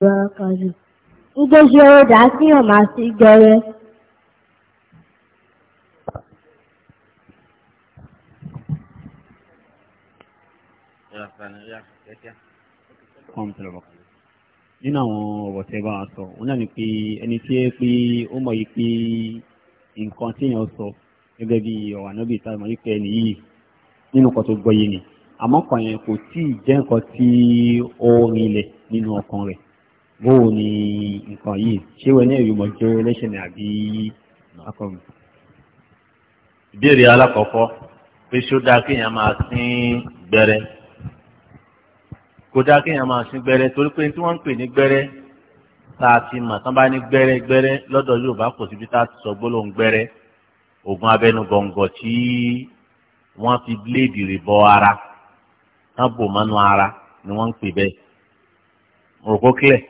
wabarakatuh. Igeṣẹ́ ọdá sí ọmọ sí gẹrẹ. Nínú àwọn ọ̀rọ̀ tẹ́ bá sọ, wọ́n náà ni pé ẹni tí ẹ pé ó mọ̀ yí pé nǹkan tí èèyàn sọ gẹ́gẹ́ bí ọ̀rọ̀ ànábì ìtàlẹ̀ mọ̀ yí pé ẹni yìí nínú nǹkan tó gbọ́yé ni. Àmọ́ kan yẹn kò tí jẹ́ nǹkan tí ó rinlẹ̀ nínú ọkàn rẹ̀ bóò ni nǹkan yìí ṣé wọ́n ní ìrìnmọ̀ jẹ́ ẹlẹ́ṣẹ̀ ní àbí akọ̀rùn. ìbéèrè alákọ̀ọ́kọ́ pé ṣó dáa kéèyàn máa sín gbẹ́rẹ́ kó dáa kéèyàn máa sín gbẹ́rẹ́ torí pé tí wọ́n ń pè ní gbẹ́rẹ́ tá a ti mà tán bá ní gbẹ́rẹ́ gbẹ́rẹ́ lọ́dọ̀ Yorùbá kò síbi tá a ti sọ gbólóhùn gbẹ́rẹ́ oògùn abẹnú gọ̀ǹgọ̀ tí wọ́n fi bíléèdì rè bọ ara tán bò mọ́nú ara ni wọ́n ń pè bẹ́ẹ̀ mo kílẹ̀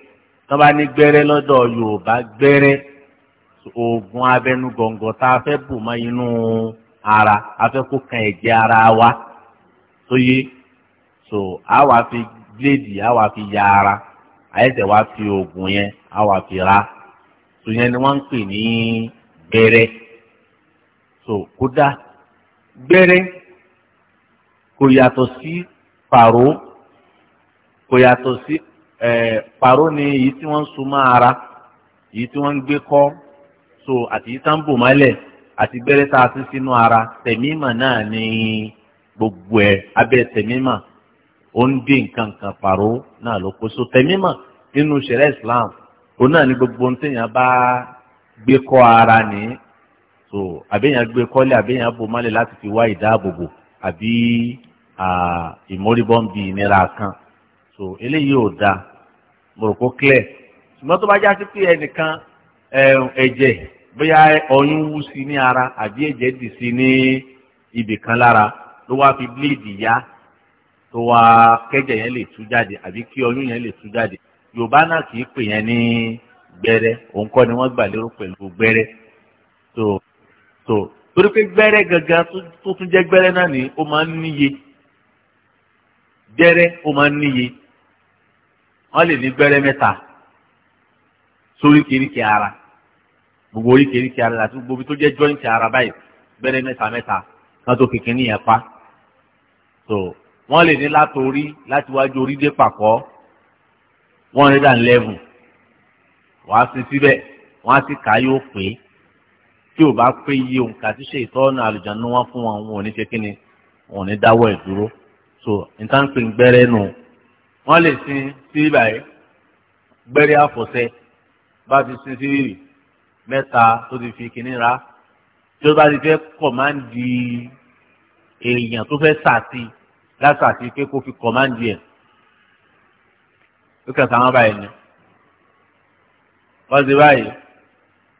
tọ́ba ní gbẹ́rẹ́ lọ́dọ̀ Yorùbá gbẹ́rẹ́ oògùn abẹnugọ̀ngọ̀ tá a fẹ́ bù mọ́ inú ara a fẹ́ kó kan ẹ̀jẹ̀ ara wa tó yé so a wá fi bíléèdì a wá fi ya ara àyẹ̀tẹ̀ wá fi oògùn yẹn a wá fi ra so yẹn ni wọ́n ń pè ní gbẹ́rẹ́ so kódà gbẹ́rẹ́ kò yàtọ̀ sí pàrọ̀ kò yàtọ̀ sí paro ni èyí tí wọ́n ń so mọ́ ara èyí tí ń gbé so àti yìí tá ń bò mọ́lẹ̀ àti gbẹ́rẹ́ tá a ti sínú ara tẹ̀mímà náà ni gbogbo ẹ̀ abe tẹ̀mímà ó ń dín nǹkan kan pàró náà ló kó so tẹ̀mímà nínú ìṣẹ̀lẹ̀ Islam o náà ni gbogbo ohun téèyàn bá gbé ara ní so àbẹ́yàn gbé kọ́lé àbẹ́yàn bò mọ́lẹ̀ láti fi wá ìdáàbòbò àbí ìmórìbọ́n bíi ìnira kan so eléyìí ò dáa. mọ̀rọ̀kó clear ṣùgbọ́n tó bá já sí pé ẹnìkan ẹ̀jẹ̀ bóyá ọyún wú sí ní ara àbí ẹ̀jẹ̀ dì sí ní ibì kan lára ló wá fi bíléèdì yá tó wá kẹ́jẹ̀ yẹn lè tú jáde àbí kí ọyún yẹn lè tú jáde yorùbá náà kì í pè yẹn ní gbẹ́rẹ́ òun kọ́ ni wọ́n gbà lérò pẹ̀lú gbẹ́rẹ́ tó tó torí pé gbẹ́rẹ́ gangan tó tún jẹ́ gbẹ́rẹ́ náà ni ó máa ń níye gbẹ́rẹ́ ó máa ń níye wọ́n lè ní gbẹ́rẹ́ mẹ́ta sórí kéríkì ara gbogbo orí kéríkì ara àti gbogbo tó jẹ́ jọ́ìntì ara báyìí gbẹ́rẹ́ mẹ́ta mẹ́ta kan tó kékeré yẹn pa so wọ́n lè ní látòrí láti wájú orí dé pàkọ́ one hundred and eleven wàá sin síbẹ̀ wọ́n á sì ká yóò pé tí o bá pé iye òǹkà tí ṣe ìtọ́nà àlùjáde wọn fún wọn wọn ò ní ṣe kí ni wọn ò ní dáwọ́ ẹ̀ dúró so nǹkan pè ń gbẹ́rẹ́ nù. No wọ́n lè sin síbí báyìí gbẹ́rẹ́ àfọ̀sẹ́ bá ti sin síbí mẹ́ta tó ti fi kìíní ra tí ó bá ti fẹ́ kọ̀máǹdì èèyàn tó fẹ́ sàtì lásàtì pé kó fi kọ̀máǹdì ẹ̀ ó kẹta wọn báyìí ni wọ́n ti báyìí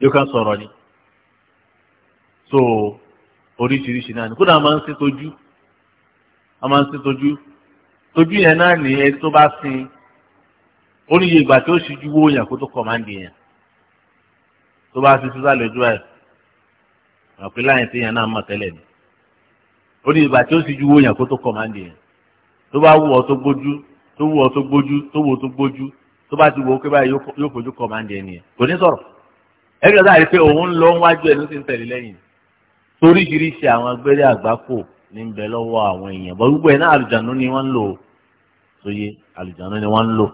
yóò kàn sọ̀rọ̀ ni so oríṣiríṣi náà ni kódà máa ń ṣètòjú a máa ń ṣètòjú ojú yẹn náà ní ẹni tó bá sin ó ní iye ìgbà tí ó sì ju owó kó tó kọ̀ máa ń di yẹn tó bá sin sísá lójú ẹ̀ àpè láyìn tí yẹn náà mọ̀ tẹ́lẹ̀ ni ó ní ìgbà tí ó sì ju owó yẹn kó tó kọ̀ máa ń di yẹn tó bá wù ọ́ tó gbójú tó wù ọ́ tó gbójú tó wù ọ́ tó gbójú tó bá ti wù ó pé báyìí yóò fojú kọ̀ máa ń di yẹn nìyẹn kò ní sọ̀rọ̀ ẹgbẹ́ sáà rí pé òun ń lọ ní ń bẹ lọ́wọ́ àwọn èèyàn bọ́ gbogbo ẹ̀ náà àlùjánu ni wọ́n ń lò sóye àlùjánu ni wọ́n ń lò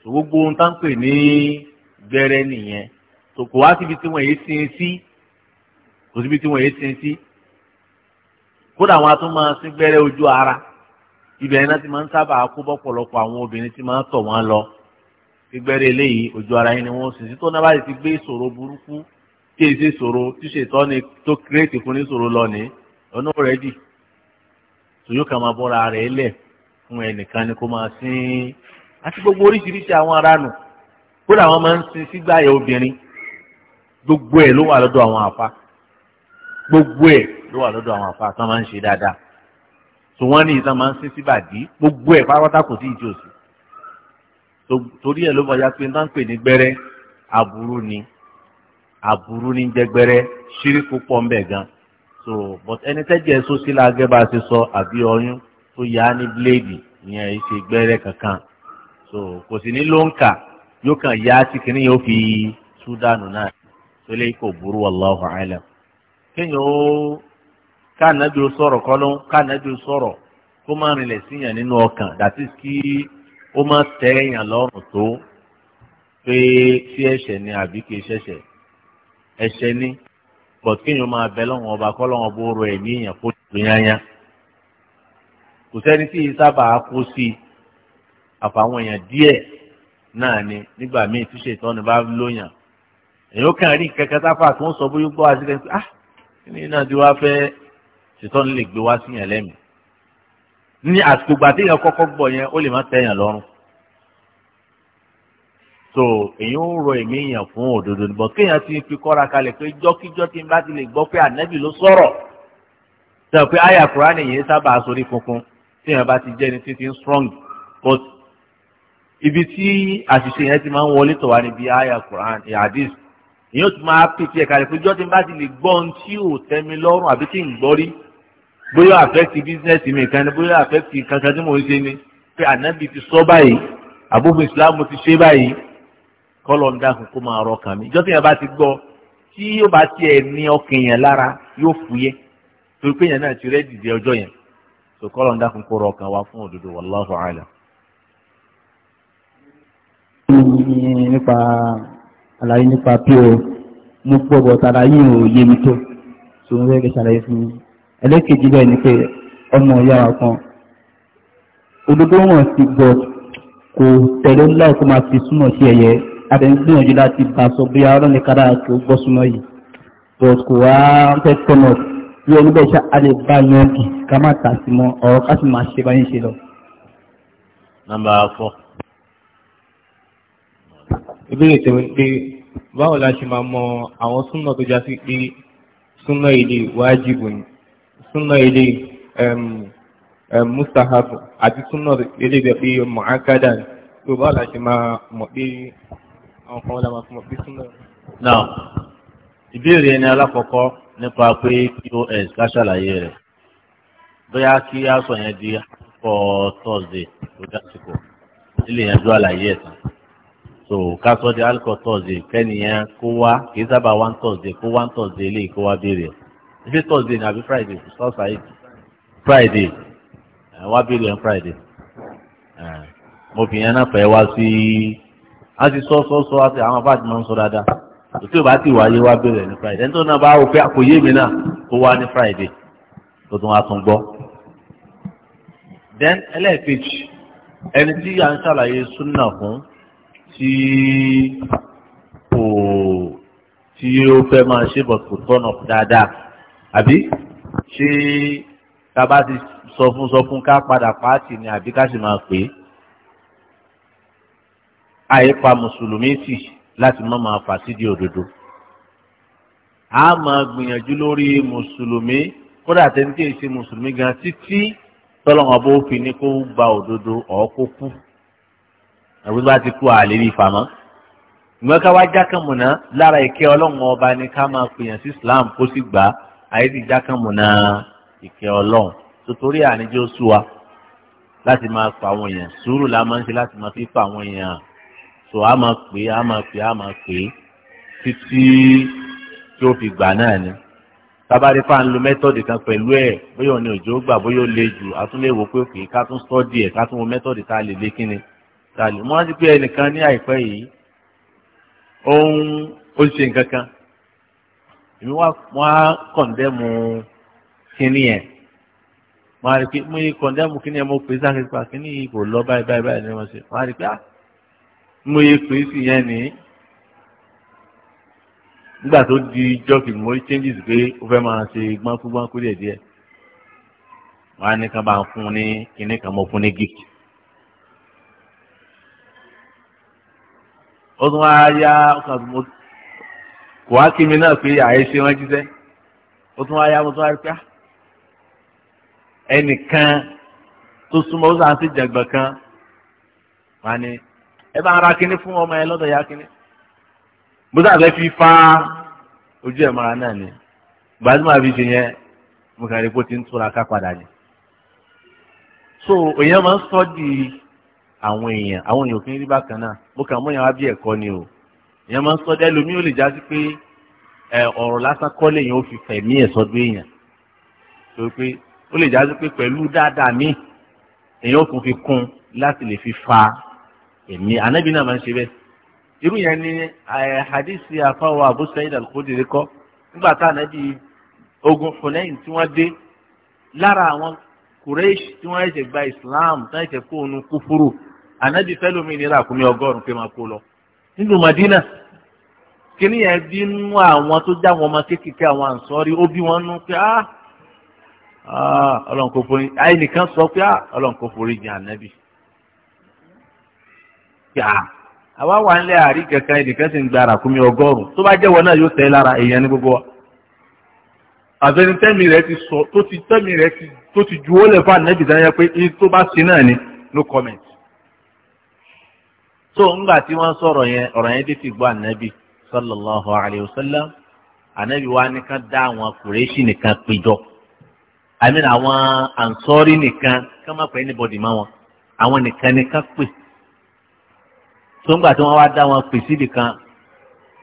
so gbogbo ohun tá ń pè ní gbẹ́rẹ́ nìyẹn so kò wá síbi tí wọ́n èyí sin sí kò síbi tí wọ́n èyí sin sí kódà àwọn atún máa sin gbẹ́rẹ́ ojú ara ibẹ̀ iná ti máa ń sábà kó bọ́pọ̀lọpọ̀ àwọn obìnrin ti máa ń tọ̀ wọ́n lọ gbígbẹ́rẹ́ eléyìí ojú ara yín ni wọ́n sì sí tó náà bá ti gbé ìṣòro burúkú tí èsì ìṣòro tí ṣètọ́ ni tó kírètì fún ní ìṣòro lọ ní ọ̀nà rẹ̀ dì yóò kàn máa bọ́ra rẹ̀ lẹ̀ fún ẹnìkan ni kó máa sin àti gbogbo oríṣiríṣi àwọn aránù kódà wọn máa ń sin sígbàyà obìnrin gbogbo ẹ̀ ló wà lọ́dọ̀ àwọn àfa gbogbo ẹ̀ ló wà lọ́dọ̀ àwọn àfa tó máa ń ṣe dáadáa tó wọ́n ní ìtàn máa ń sin síbàdí gbogbo ẹ̀ pátápátá kò sí ìdí òsì torí ẹ̀ ló bọ̀ ya pé ń pè ní gbẹ́rẹ́ aburú ni aburú ni jẹ́ gbẹ́rẹ́ ṣírí púpọ̀ ń bẹ gan so but ẹni tẹ́jẹ̀ so sí la gẹ́gẹ́ bá a ti sọ àbí ọyún tó yá ní bíléèdì ìyẹn èyí ṣe gbẹ́rẹ́ kankan so kò sì ní ló ń kà yóò kàn yá tí kìnìún yóò fi súdánù náà tó lè kó burú wallahu alam kéèyàn ó káànájú sọ̀rọ̀ kọ́ ló ń káànájú sọ̀rọ̀ kó má rinlẹ̀ síyàn nínú ọkàn dàtí kí ó má tẹ́ èèyàn lọ́rùn tó pé ṣé ẹ̀ṣẹ̀ ni àbí kì í ṣẹ̀ṣẹ̀ ẹ̀ṣẹ̀ ni bọ̀ kéèyàn máa bẹ lọ́wọ́n ọba kọ́ lọ́wọ́n bó rọ ẹ̀mí èèyàn kó tó yányá kò sẹ́ni tí yìí sábà kó sí i àfàwọn èèyàn díẹ̀ náà ni nígbà míì tí ṣètọ́ni bá lóyàn èèyàn kàn rí kẹ̀kẹ́ táfà tó ń sọ bóyá gbọ́ wá sílẹ̀ ah kíni náà tí wàá fẹ́ ṣètọ́ni lè gbé wá síyàn lẹ́mìí ní àsìkò gbà téèyàn kọ́kọ́ gbọ́ yẹn ó lè má tẹ̀yàn lọ́rùn so èyí ń rọ èmi èèyàn fún òdodo níbọ̀ kéèyàn ti fi kọ́ra kalẹ̀ pé jọ́kíjọ́ tí n bá ti lè gbọ́ pé ànábì ló sọ̀rọ̀ sọ pé àyà kúránì yìí sábà sórí funfun téèyàn bá ti jẹ́ni títí ń strong but ibi tí àṣìṣe yẹn ti máa ń wọlé tọ̀ wá níbi àyà kúránì hadith èyí ó ti máa pèsè ẹ̀ka rẹ̀ pé jọ́ tí n bá ti lè gbọ́ ohun tí ò tẹ́mi lọ́rùn àbí tí ń gbọ́ rí bóyá àfẹ́kì bísínẹ́sì mi kan ni bóyá àfẹ́kì kankan tí mò ń ṣe ni pé ànábì ti sọ báyìí àbúrò ìsìlámù ti ṣe báyìí kọ́lọ̀ ń dákun kó máa rọ kàn mí ìjọ tí yẹn bá ti gbọ́ tí yóò bá tiẹ̀ ní ọkàn yẹn lára yóò fúyẹ́ torí pé yẹn náà ti rẹ́ dìde ọjọ́ yẹn tó kọ́lọ̀ ń dákun kó rọ kàn wá fún òdodo wallahu alam. nípa àlàyé nípa pos mo gbọ́ bọ̀ tara yìí ò yé mi tó tó ń fẹ́ kí ṣàlàyé fún mi ẹlẹ́kejì bẹ́ẹ̀ ni pé ọmọ ìyá kan òdodo wọn ti gbọ́ kò tẹ̀lé ńlá kó máa fi súnmọ̀ sí ẹ̀yẹ àti ń gbìyànjú láti bá sọ bí a ọlọ́ni kára tó gbọ́ súnmọ́ yìí but kò wá ń fẹ́ tọ́nà bí ẹni bẹ́ẹ̀ ṣe a lè bá yẹn kì ká má tà sí mọ́ ọ̀rọ̀ ká sì máa ṣe báyìí ṣe lọ. nàmbà fọ. ìbéèrè tèmi pé báwo la ṣe máa mọ àwọn súnmọ́ tó já sí pé súnmọ́ ilé wájibù ni súnmọ́ ilé mustahabu àti súnmọ́ ilé ìgbẹ́ pé mọ̀ákádà ni tó báwo la ṣe máa mọ̀ pé àwọn kan lábàá fún ọ̀pẹ́ súnmọ́. now ìbéèrè ẹni alákọ̀ọ́kọ́ nípa pé pos ká ṣàlàyé rẹ̀ bóyá kí á sọ yẹn di kọ́ thursday lójú àsìkò nílé yẹn dúró àlàyé ẹ̀ tán so ká sọ di alcohol thursday kẹ́niyẹn kó wá kì í sábà one thursday kó one thursday lè kó wá béèrè ẹ̀ ṣé thursday ni àbí friday south side friday ẹ̀ wá béèrè ẹ̀ friday ẹ̀ mo fi yẹn náà fẹ́ wá sí. Si, a ti sọ sọ sọ àti àwọn afáàtì máa ń sọ dáadáa òtí bá ti wáyé wá bẹ̀rẹ̀ ní friday ẹni tó náà bá wò pé àkòyé mi náà ó wá ní friday tó tún wá tún gbọ́. then ẹlẹ́ẹ̀kejì ẹni tí à ń ṣàlàyé súnà fún tí kò tí ó fẹ́ máa ṣe bọ̀ kò tọ́nà dáadáa àbí ṣé tá a bá ti sọ fún sọ fún ká padà pààtì ni àbí ká sì máa pè é àyípa mùsùlùmí sì láti má máa fà sídìí òdodo. a máa gbìyànjú lórí mùsùlùmí kódà tẹ́ni tí èsì mùsùlùmí gan títí tọ́lọ́wọ́n bó fi ní kó gba òdodo ọ̀ kó kú ẹ̀wọ́n bá ti kú àlè rí fàmọ́ ìwọ́n ká wá jákàmùnà lára ìkẹ́ ọlọ́run ọba ni ká máa pèèyàn sí Islam kó sì gbà àyèdè jákàmùnà ìkẹ́ ọlọ́run sotori àníjó sú láti máa pa àwọn èèyàn sùúrù la máa ń ṣe láti máa fi pa àwọn èèyàn so a máa pè é a máa pè é a máa pè títí tí ó fi gbà náà ni tábàdí fáwọn lo mẹ́tọ́dì kan pẹ̀lú ẹ̀ bóyá òní òjò gbà bóyá ó le jù a tún lè wò pé òkè ká tún sọ́ọ́dì ẹ̀ ká tún wo mẹ́tọ́dì tá a lè lé kíni tá a lè mọ́ rántí pé ẹnìkan ní àìpẹ́ yìí òun ó ṣe nǹkan kan èmi wá kọ̀ǹdẹ́mù kíní yẹn wọ́n á rí pé mo kọ̀ǹdẹ́mù kíní yẹn mo pè é sáà kíní yìí kò lọ báyìí báyìí báyìí ni wọ́n ṣe wọ́n á mo yẹ pé yẹn ni nígbà tó di jọ́kì mo rí changes pé ó fẹ́ máa ṣe gbáǹkúgbáǹkú díẹ̀ díẹ̀ wọ́n á ní ká bá ń fún ní kinní kan mọ́ fún ní gift. ó tún wá yá kò wá kí mi náà pé àyè ṣe jíṣẹ́ ó tún wá yá mo tún wá rí pé ah, ẹnìkan tó súnmọ́ ó sàn sí jàgbọ̀n kan wọ́n á ní ẹ bá ara kínní fún ọmọ ẹ lọ́dọ̀ ya kínní. mo sábẹ́ fi fa ojú ẹ̀ mara náà ni gbajúmọ̀ fi ṣe yẹn mo kàn rí pé ti ń túra ká padà ni. so èèyàn máa ń sọ di àwọn èèyàn àwọn èèyàn òfin rí bákan náà mo kàn mọ́ yẹn wá bí ẹ̀kọ́ ni o èèyàn máa ń sọ di ẹlòmíì ó lè já sí pé ọ̀rọ̀ lásán kọ́ lèèyàn ó fi fẹ̀mí ẹ̀ sọ́dọ̀ èèyàn tó pé ó lè já sí pé pẹ̀lú dáadáa míì èèyàn ó fi kún láti lè fi fa èmi ànábì náà máa ń ṣe bẹ́ẹ̀ irú yẹn ni eh, hadisi afáwọ Abu Sa'id al-Khudri kọ́ nígbà tá ànábì ogun Hunain tí wọ́n dé lára àwọn Quraysh tí wọ́n ẹ̀ṣẹ̀ gba Islam tí wọ́n ẹ̀ṣẹ̀ kó onu kúfúrú ànábì fẹ́lómi ní ràkúnmí ọgọ́rùn-ún pé máa kó lọ nínú Madina kíní yẹn bínú àwọn tó já wọn ọmọ kéékèèké àwọn ànsọ́rí ó bí wọn nú pé ah, ah ọlọ́run kò forí àyè nìkan sọ pé á ah, ọlọ́run kò forí jìn ànábì yà àwa wà ń lé àrí kẹkẹ ẹnìkan sì ń gba ràkúnmí ọgọ́rùn tó bá náà yóò ti sọ tó ti tẹ́mi rẹ ti tó ti ju ó fún dáná yẹ pé ní tó bá ni no comment so ńgbà tí wọ́n sọ̀rọ̀ yẹn ọ̀rọ̀ yẹn dé ti gbọ́ ànẹ́bì sallallahu alayhi wa sallam wa nìkan dá àwọn kùrẹ́ṣì nìkan péjọ i mean àwọn ànsọ́rí nìkan tó ń gbà tí wọ́n wá dá wọn pè síbi kan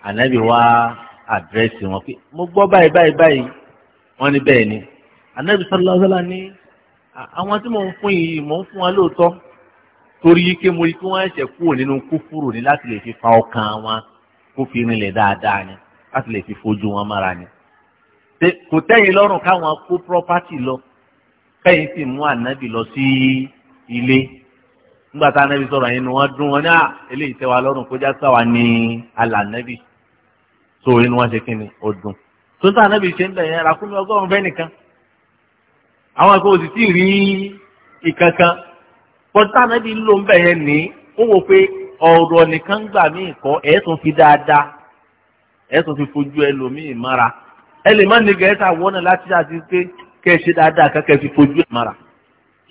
ànábì wá àdírẹ́sì wọn pé mo gbọ́ báyìí báyìí báyìí wọ́n ní bẹ́ẹ̀ ni ànábì sallallahu alaihi wasallam ní àwọn tí mò ń fún yìí mò ń fún wọn lóòótọ́ torí ike mo rí kí wọ́n ẹ̀ṣẹ̀ kúrò nínú kúfúrò ní láti lè fi fa ọkàn wọn kó fi rinlẹ̀ dáadáa ni láti lè fi fojú wọn mára ni kò tẹ́yìn lọ́rùn káwọn kó property lọ kẹ́yìn sì mú ànábì lọ sí ilé nígbà tá anabi sọ̀rọ̀ yẹn ni wọ́n dún wọn ní à ah, eléyìí tẹ́ wa lọ́rùn kó já sáwa ní alànàbì tó inú wọn ṣe kíni ó dùn tó tá anabi ṣe ń bẹ̀ yẹn ràkúnmí ọgọ́rùn-ún fẹ́ nìkan àwọn àgbà òsì tí ì rí ìkankan pọ̀tà anabi ló ń bẹ̀ yẹn ní ó wò pé ọ̀rọ̀ nìkan gbà mí kọ́ ẹ̀ fi dáadáa ẹ̀ fi fojú ẹlòmíì mára ẹ lè má nígẹ̀ẹ́sà wọ́nà láti àti pé kẹ́ ẹ ṣe dáadáa kẹ́ ẹ fi fojú ẹ̀ mára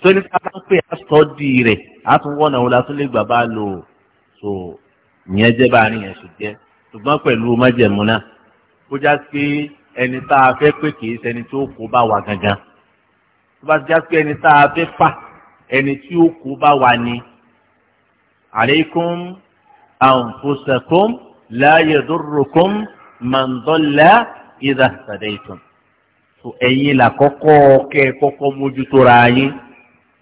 tó ní ká bá ń pè àsọdì rẹ̀ á tún wọ́nà wọn la tún lè gbà bá lò ó so ìyẹn jẹ́ bá àárín yẹn ṣe jẹ́ ṣùgbọ́n pẹ̀lú májẹ̀mú náà kó já sí ẹni tá a fẹ́ pé kì í ṣẹni tó kó bá wa gangan tó bá já sí ẹni tá a fẹ́ fà ẹni tí ó kó bá wa ni alaykum anfusakum la yadurrukum man dalla idha ẹ̀yin là kọ́kọ́ kẹ́ kọ́kọ́ mójútó ra yín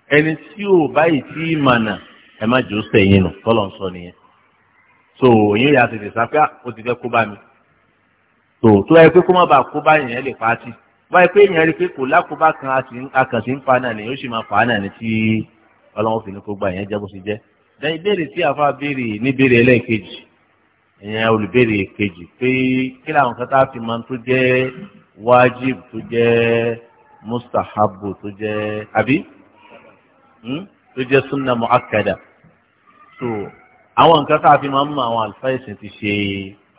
ẹni tí ò báyìí tí mànà ẹ má jò sẹ́yìn nù tọ́lọ̀ ń sọ nìyẹn so òyìn rẹ̀ àtẹ̀tẹ̀ sáfẹ́ ah, ó ti fẹ́ kó bá mi so tó ẹ pé kó má bàa kó bá yẹn lè pàtì báyìí pé èèyàn rí i pé kò lákòóbá kan akànṣe ń pa náà ni yóò sì máa fà á náà ni tí ọlọ́wọ́ fi ní kó gbà yẹn jẹ́ bó ṣe jẹ́ lẹ́yìn ìbéèrè tí àfa béèrè ní béèrè ẹlẹ́ẹ̀kejì ìyẹn olùbéèrè kejì pé kí làwọn kan tá a fi máa tó jẹ́ wájib tó jẹ́ mustahabu tó jẹ́ àbí Hmm? tó jẹ́ súnà mu'akkada so àwọn nǹkan tá a fi máa ń mọ àwọn àlùfáà ẹ̀sìn ti ṣe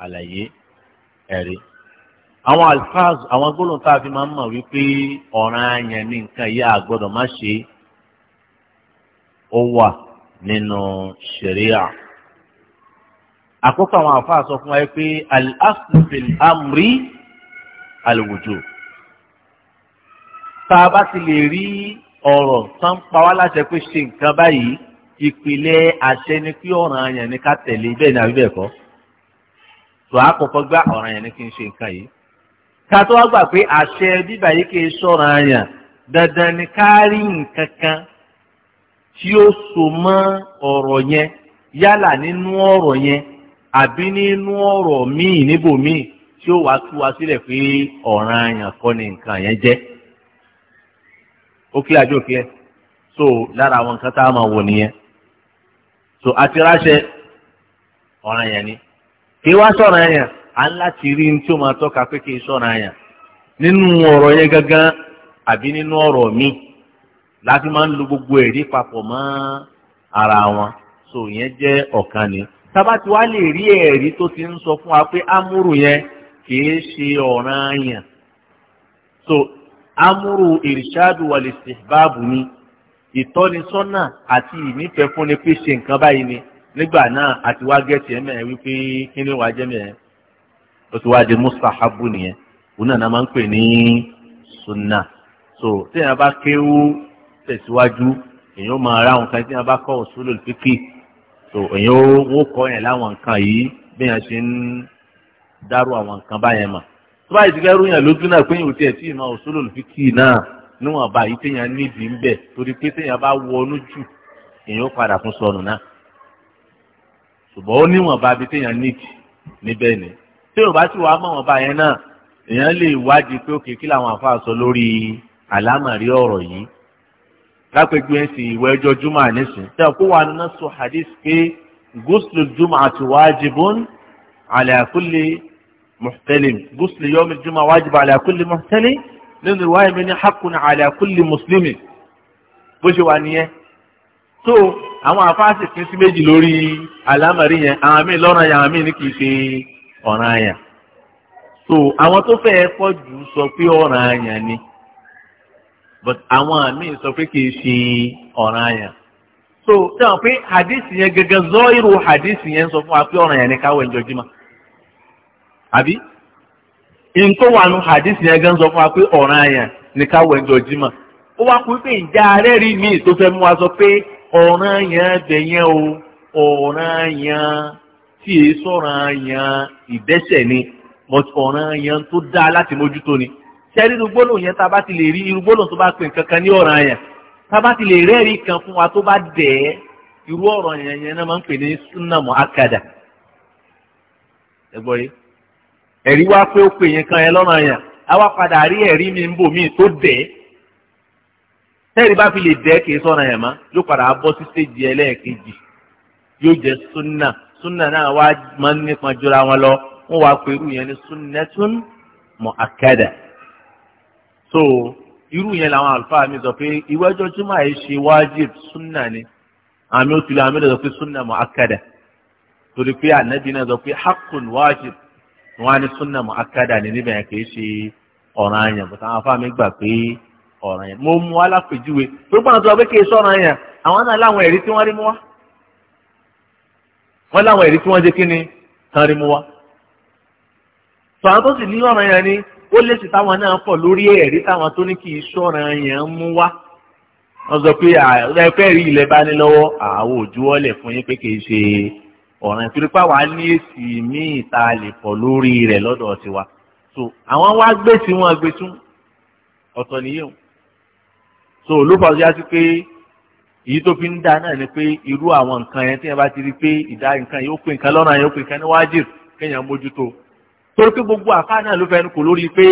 àlàyé ẹ̀rí àwọn alfaz àwọn gbólóhùn tá a fi máa ń mọ̀ wípé ọ̀ràn àyàn ní nǹkan yìí àgbọ́dọ̀ má ṣe ó wà nínú ṣẹ̀ríà. àkókò àwọn àfáà sọ fún wa pé al-asnufil amri tá a bá ti lè rí ọ̀rọ̀ tán pa wá láṣẹ pé ṣe nǹkan báyìí ìpìlẹ̀ àṣẹ ni kí ọ̀ràn yẹn ni ká tẹ̀lé bẹ́ẹ̀ ni àbí kọ́ tó a kọ́kọ́ gbá ọ̀ràn ni kí n ṣe nǹkan yìí ká tó wá gbà pé àṣẹ bíbà yìí kì í dandan ni ká rí nǹkan kan tí ó so mọ́ ọ̀rọ̀ yẹn yálà nínú ọ̀rọ̀ yẹn ó kílẹ̀ àjò so lára àwọn nǹkan tá a máa wò nìyẹn so àti ráṣẹ ọ̀ràn yẹn ni kí wá sọ̀ràn yẹn à ń láti rí ní tí ó máa tọ́ka pé kí n sọ̀ràn yẹn nínú ọ̀rọ̀ yẹn gangan àbí nínú ọ̀rọ̀ mi láti máa ń lo gbogbo ẹ̀rí papọ̀ mọ́ ara wọn so yẹn jẹ́ ọ̀kan ni tabati wa lè rí ẹ̀rí tó ti ń sọ fún wa pé amúrù yẹn kì í ṣe ọ̀ràn yẹn so amúrù ìrìṣàdù wàlẹ̀sì báàbù ni ìtọ́nisọ́nà àti ìnífẹ̀ẹ́ pé ṣe nǹkan báyìí ni nígbà náà àti wá gẹ̀ẹ́sì ẹ̀mẹ́ ẹ̀ wípé kí ni wàá jẹ́mẹ̀ ẹ̀ ó ti wá di mustahabu nìyẹn òun náà máa ń pè ní sunna so téèyàn bá kéwú tẹ̀síwájú èèyàn máa ra nǹkan téèyàn bá kọ́ usulul fiqi so èèyàn ó kọ́ yẹn láwọn nǹkan yìí bí èèyàn ṣe ń dárò àwọn nǹkan báyẹn mọ̀ tó bá ìdílé ròyìn lójú náà péyìn òtí ẹ̀ tí ìmọ̀ òṣòlò lùfíkì náà níwọ̀n bá yìí téèyàn nídìí ń bẹ̀ torí pé téèyàn bá wọnú jù èèyàn padà fún sọnù náà ṣùgbọ́n ó níwọ̀n bá bi téèyàn nídìí níbẹ̀ ni tí ò bá sì wá mọ̀ wọn bá yẹn náà èèyàn lè wádìí pé òkè kí làwọn àfa sọ lórí àlámàrí ọ̀rọ̀ yìí lápẹjù ẹ̀ sì ìwẹ̀ júmọ̀ ànísìn tẹ́ ọ kó wà nínú sọ hadith pé gúúsùlù júmọ̀ àti wájibun ala محتلم غسل يوم الجمعة واجب على كل محتلم nínú ìwáyé mi ní hakun àlàkùlì mùsùlùmí bó ṣe wà nìyẹn tó àwọn àfáàsì pín sí méjì lórí àlámọ̀rí yẹn àwọn míì lọ́ràn yẹn àwọn míì ní kìí ṣe ọ̀ràn yẹn tó àwọn tó fẹ́ pọ̀ jù sọ pé ọ̀ràn yẹn ni but àwọn míì sọ pé kìí ṣe ọ̀ràn yẹn tó tẹ̀wọ̀n pé hadith yẹn gẹ́gẹ́ zọ́ irú hadith yẹn sọ fún wa pé ọ̀ràn yẹn ni káwé ń jọjú mọ́ àbí n tó wà nù hadith yẹn gan sọ fún wa pé ọ̀ràn àyàn ní káwọ̀ ẹ̀jọ̀ jímọ̀ ó wá pé pé ìjà ààrẹ rí mi tó fẹ́ mú wa sọ pé ọ̀ràn yẹn bẹ̀ yẹn o ọ̀ràn yẹn tí èyí sọ̀ràn yẹn ìdẹ́sẹ̀ ni but ọ̀ràn yẹn tó dáa láti mójútó ni sẹ́rí irú gbólóhùn yẹn tá a bá ti lè rí irú gbólóhùn tó bá pè kankan ní ọ̀ràn yẹn tá a bá ti lè rẹ́ẹ̀rí kan fún wa tó bá dẹ̀ ẹ́ irú ọ̀ràn yẹn yẹn náà máa ń pè ní súnàmù akada ẹ̀gbọ́n yìí ẹ̀rí wá pé ó pè yẹn kan yẹn lọ́nà yẹn àwa padà rí ẹ̀rí mi ń bò míì tó dẹ̀ tẹ́ẹ̀rí bá fi lè dẹ́ kì í sọ̀nà yẹn mọ́ yóò padà bọ́ sí stéèjì ẹlẹ́ẹ̀kejì yóò jẹ́ súnà súnà náà wá máa ń nípa jura wọn lọ wọ́n wá pé irú yẹn ní súnnẹ́tún mọ̀ àkàdà so irú yẹn làwọn àlùfáà mi sọ pé ìwẹ́jọ́ tí màá ṣe wájib súnà ni àmì òtún àmì òtún sọ pé súnà mọ̀ àkàdà torí pé ànábì náà sọ pé hakùn wájib wọn á ní súnà mọ akádà ní níbẹ̀ yẹn kì í ṣe ọ̀ràn àyàn bùtà àwọn afáàmì gbà pé ọ̀ràn yẹn mo mú alápèjúwe tó gbọ́dọ̀ tó wá pé kì í sọ̀ràn yẹn àwọn náà láwọn ẹ̀rí tí wọ́n rí mú wá wọ́n láwọn ẹ̀rí tí wọ́n jẹ́ kí ni tán rí mú wá tọ́wọ́n tó sì ní ọ̀ràn yẹn ni ó lè sì táwọn náà pọ̀ lórí ẹ̀rí táwọn tó ní kì í sọ̀ràn yẹn mú wá wọ́n sọ pé ẹ̀fẹ́ rí ilẹ̀ bá ní lọ́wọ́ àwọn òjúwọ́lẹ̀ fún yín pé kì í ṣe ọ̀ràn ìtúrípá wa ní èsì míì tá a lè pọ̀ lórí rẹ̀ lọ́dọ̀ tiwa so àwọn wá gbé tí wọ́n gbé tún ọ̀tọ̀ nìyẹn so ló fà á sí pé èyí tó fi ń da náà ni pé irú àwọn nǹkan yẹn tí yẹn bá ti rí pé ìdá nǹkan yóò pè nǹkan lọ́nà yóò pè nǹkan ní wájìb kéèyàn mójútó torí pé gbogbo àfáà náà ló fẹnu kò lórí pé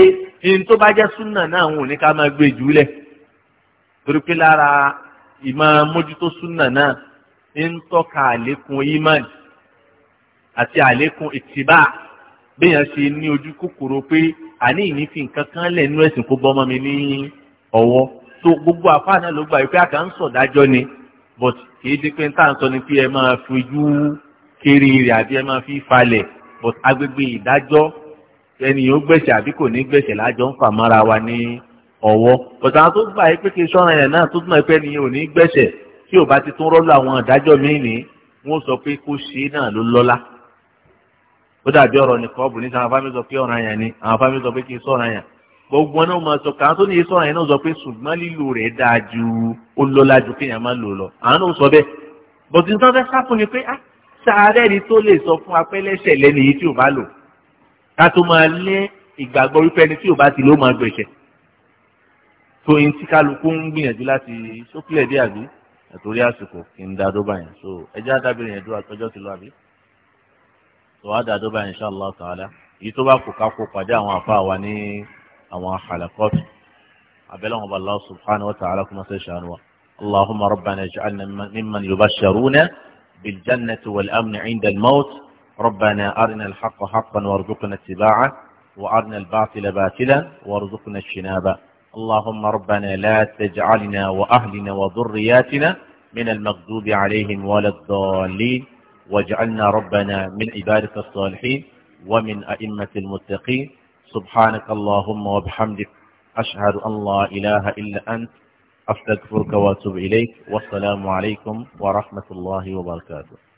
ihun tó bá jẹ́ súnà náà òun ní ká máa gbé jùlẹ̀ torí pé lára ìmọ̀ mójútó súnà náà ń tọ́ka àlékún ìmánì àti àlékún ìtìbá béèyàn ṣe ní ojú kòkòrò pé àní ìní fi nǹkan kan lẹ̀ nínú ẹ̀sìn kó bọ́mọ́ mi ní ọwọ́ tó gbogbo àfáà náà ló gbà wípé àkà ń sọ̀dájọ́ ni but kìí ṣe pé ń ń sọ ni pé ẹ máa fojú kiri rẹ̀ àbí ẹ máa fi falẹ̀ but agbègbè ìdájọ́ ẹnìyàn gbẹ̀sẹ̀ àbí kò ní gbẹ̀sẹ̀ lájọ ń fà mára wa ní ọwọ́ but àwọn tó gbà yí pé kí sọ́ra yẹn náà tó túnmọ̀ pé ẹnìyàn ò ní gbẹ̀sẹ̀ tí ò bá ti tún rọ́lù àwọn ìdájọ́ míì ní wọ́n sọ pé kó ṣe náà ló lọ́lá ó dàbí ọ̀rọ̀ nìkan ọ̀bùn níta àwọn sọ pé ọ̀ràn yẹn ni àwọn fámìlì sọ pé kì í sọ̀ràn yẹn gbogbo wọn náà máa sọ kàn án tó ní yìí sọ̀ràn yẹn náà sọ pé ṣùgbọ́n lílo rẹ̀ dáa ju ó lọ́la ju kéèyàn máa lò lọ àwọn náà sọ bẹ́ẹ̀ bọ̀dù níta fẹ́ sáfún ni pé á sàárẹ̀ ni tó lè sọ fún apẹ́lẹ́sẹ̀ lẹ́nu yìí tí ò bá lò ká tó máa lé ìgbàgbọ́ wípé ẹni tí ò bá ti ló so ẹjẹ́ àdábìrin yẹn dúró àtọ́jọ́ tó wá dàdó báyìí insha Allah ta'ala èyí tó bá kó kákó pàdé àwọn àfa wa ní àwọn àkàlàkọ́tù abẹ́lẹ́ wọn bá Allah subhanahu wa ta'ala kó má ṣe ṣàánú wa اللهم ربنا اجعلنا ممن يبشرون بالجنة والأمن عند الموت ربنا أرنا الحق حقا وارزقنا اتباعه وأرنا الباطل باطلا وارزقنا اجتنابه اللهم ربنا لا تجعلنا وأهلنا وذرياتنا من المغضوب عليهم ولا الضالين واجعلنا ربنا من عبادك الصالحين ومن أئمة المتقين سبحانك اللهم وبحمدك أشهد أن لا إله إلا أنت أستغفرك وأتوب إليك والسلام عليكم ورحمة الله وبركاته